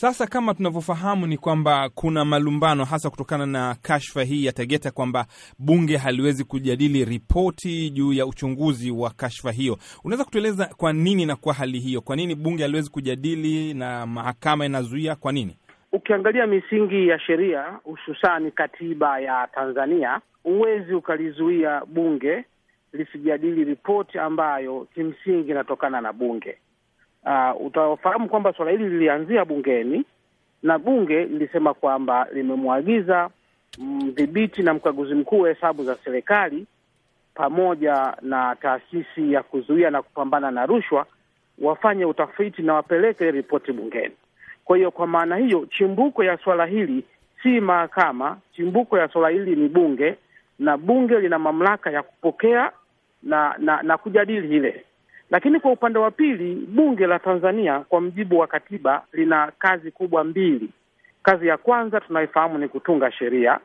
Sasa kama tunavyofahamu ni kwamba kuna malumbano hasa kutokana na kashfa hii ya Tegeta kwamba bunge haliwezi kujadili ripoti juu ya uchunguzi wa kashfa hiyo. Unaweza kutueleza kwa nini inakuwa hali hiyo? Kwa nini bunge haliwezi kujadili na mahakama inazuia? Kwa nini? Ukiangalia misingi ya sheria, hususani katiba ya Tanzania, huwezi ukalizuia bunge lisijadili ripoti ambayo kimsingi inatokana na bunge uh, utafahamu kwamba suala hili lilianzia bungeni na bunge lilisema kwamba limemwagiza mdhibiti na mkaguzi mkuu wa hesabu za serikali pamoja na taasisi ya kuzuia na kupambana na rushwa wafanye utafiti na wapeleke ripoti bungeni. Kwa hiyo kwa maana hiyo, chimbuko ya swala hili si mahakama, chimbuko ya swala hili ni bunge, na bunge lina mamlaka ya kupokea na na, na kujadili ile lakini kwa upande wa pili, bunge la Tanzania kwa mjibu wa katiba lina kazi kubwa mbili. Kazi ya kwanza tunaifahamu ni kutunga sheria,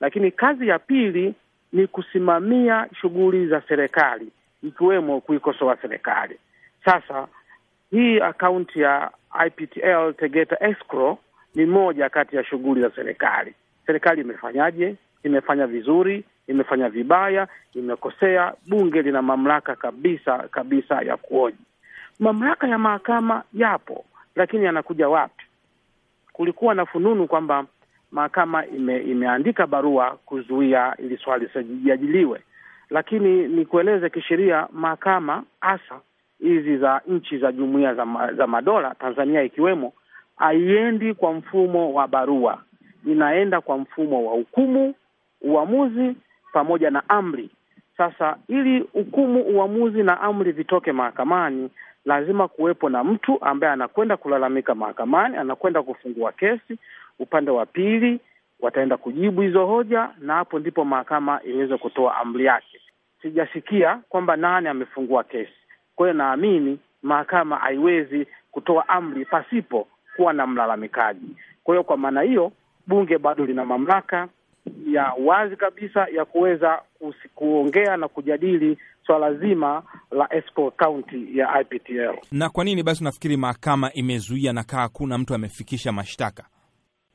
lakini kazi ya pili ni kusimamia shughuli za serikali, ikiwemo kuikosoa serikali. Sasa hii akaunti ya IPTL Tegeta Escrow ni moja kati ya shughuli za serikali. Serikali imefanyaje? Imefanya vizuri? imefanya vibaya, imekosea. Bunge lina mamlaka kabisa kabisa ya kuoji. Mamlaka ya mahakama yapo, lakini yanakuja wapi? Kulikuwa na fununu kwamba mahakama ime, imeandika barua kuzuia ili swali lisijadiliwe, lakini nikueleze kisheria, mahakama hasa hizi za nchi za jumuiya za, ma, za madola Tanzania ikiwemo, haiendi kwa mfumo wa barua, inaenda kwa mfumo wa hukumu, uamuzi pamoja na amri. Sasa ili hukumu, uamuzi na amri vitoke mahakamani, lazima kuwepo na mtu ambaye anakwenda kulalamika mahakamani, anakwenda kufungua kesi. Upande wa pili wataenda kujibu hizo hoja, na hapo ndipo mahakama iweze kutoa amri yake. Sijasikia kwamba nani amefungua kesi, kwa hiyo naamini mahakama haiwezi kutoa amri pasipo kuwa na mlalamikaji. Kwa hiyo, kwa maana hiyo, bunge bado lina mamlaka ya wazi kabisa ya kuweza kuongea na kujadili swala so zima la Esco kaunti ya IPTL. Na kwa nini basi unafikiri mahakama imezuia na kaa hakuna mtu amefikisha mashtaka?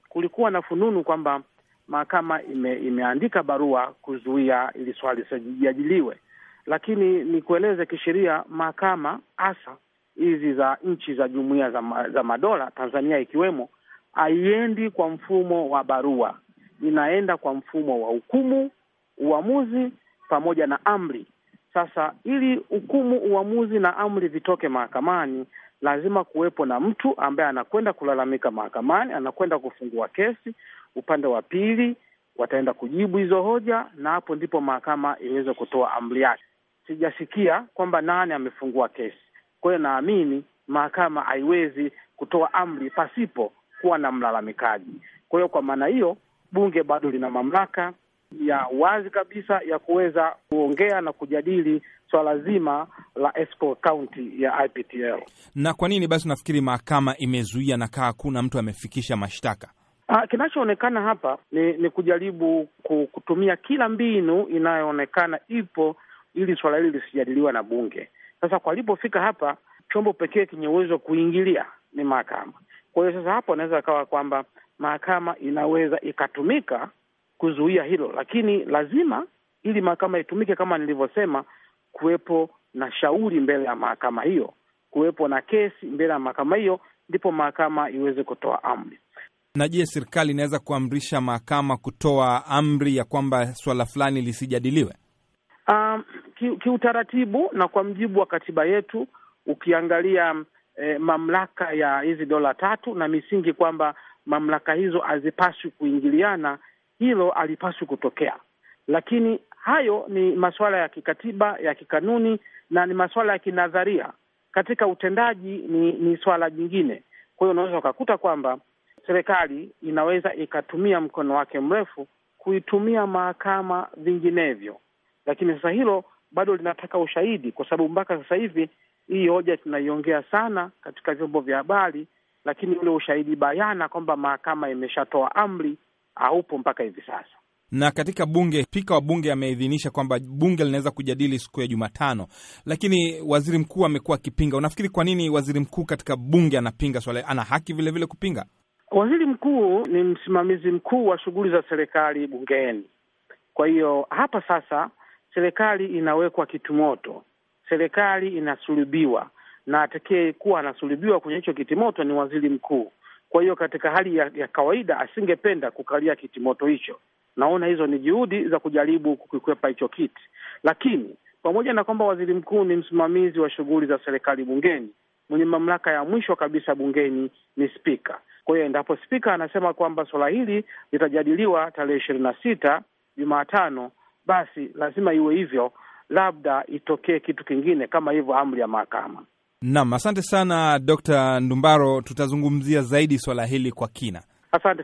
Kulikuwa na fununu kwamba mahakama ime, imeandika barua kuzuia ili swali lisijadiliwe, lakini nikueleze kisheria, mahakama hasa hizi za nchi za jumuiya za, ma, za madola Tanzania ikiwemo, haiendi kwa mfumo wa barua inaenda kwa mfumo wa hukumu, uamuzi pamoja na amri. Sasa ili hukumu, uamuzi na amri vitoke mahakamani, lazima kuwepo na mtu ambaye anakwenda kulalamika mahakamani, anakwenda kufungua kesi. Upande wa pili wataenda kujibu hizo hoja, na hapo ndipo mahakama iweze kutoa amri yake. Sijasikia kwamba nani amefungua kesi, kwa hiyo naamini mahakama haiwezi kutoa amri pasipo kuwa na mlalamikaji. Kwa hiyo kwa maana hiyo bunge bado lina mamlaka ya wazi kabisa ya kuweza kuongea na kujadili swala so zima la Esco kaunti ya IPTL. Na kwa nini basi unafikiri mahakama imezuia na kaa hakuna mtu amefikisha mashtaka? Ah, kinachoonekana hapa ni, ni kujaribu kutumia kila mbinu inayoonekana ipo ili swala hili lisijadiliwa na bunge. Sasa walipofika hapa, chombo pekee chenye uwezo wa kuingilia ni mahakama. Kwa hiyo sasa hapo anaweza akawa kwamba mahakama inaweza ikatumika kuzuia hilo, lakini lazima ili mahakama itumike, kama nilivyosema, kuwepo na shauri mbele ya mahakama hiyo, kuwepo na kesi mbele ya mahakama hiyo, ndipo mahakama iweze kutoa amri. Na je, serikali inaweza kuamrisha mahakama kutoa amri ya kwamba swala fulani lisijadiliwe? Um, kiutaratibu ki na kwa mjibu wa katiba yetu ukiangalia eh, mamlaka ya hizi dola tatu na misingi kwamba mamlaka hizo hazipaswi kuingiliana, hilo alipaswi kutokea. Lakini hayo ni masuala ya kikatiba ya kikanuni na ni masuala ya kinadharia. Katika utendaji ni, ni swala jingine. Kwa hiyo unaweza ukakuta kwamba serikali inaweza ikatumia mkono wake mrefu kuitumia mahakama vinginevyo, lakini sasa hilo bado linataka ushahidi, kwa sababu mpaka sasa hivi hii hoja tunaiongea sana katika vyombo vya habari, lakini ule ushahidi bayana kwamba mahakama imeshatoa amri haupo mpaka hivi sasa. Na katika bunge, spika wa bunge ameidhinisha kwamba bunge linaweza kujadili siku ya Jumatano, lakini waziri mkuu amekuwa akipinga. Unafikiri kwa nini waziri mkuu katika bunge anapinga swala? Ana haki vilevile vile kupinga. Waziri mkuu ni msimamizi mkuu wa shughuli za serikali bungeni. Kwa hiyo hapa sasa serikali inawekwa kitumoto, serikali inasulubiwa na atakee kuwa anasulubiwa kwenye hicho kitimoto ni waziri mkuu. Kwa hiyo katika hali ya, ya kawaida asingependa kukalia kitimoto hicho. Naona hizo ni juhudi za kujaribu kukikwepa hicho kiti, lakini pamoja na kwamba waziri mkuu ni msimamizi wa shughuli za serikali bungeni, mwenye mamlaka ya mwisho kabisa bungeni ni spika. Kwa hiyo endapo spika anasema kwamba suala hili litajadiliwa tarehe ishirini na sita Jumatano, basi lazima iwe hivyo, labda itokee kitu kingine kama hivyo amri ya mahakama. Naam, asante sana Dr. Ndumbaro, tutazungumzia zaidi swala hili kwa kina. Asante sana.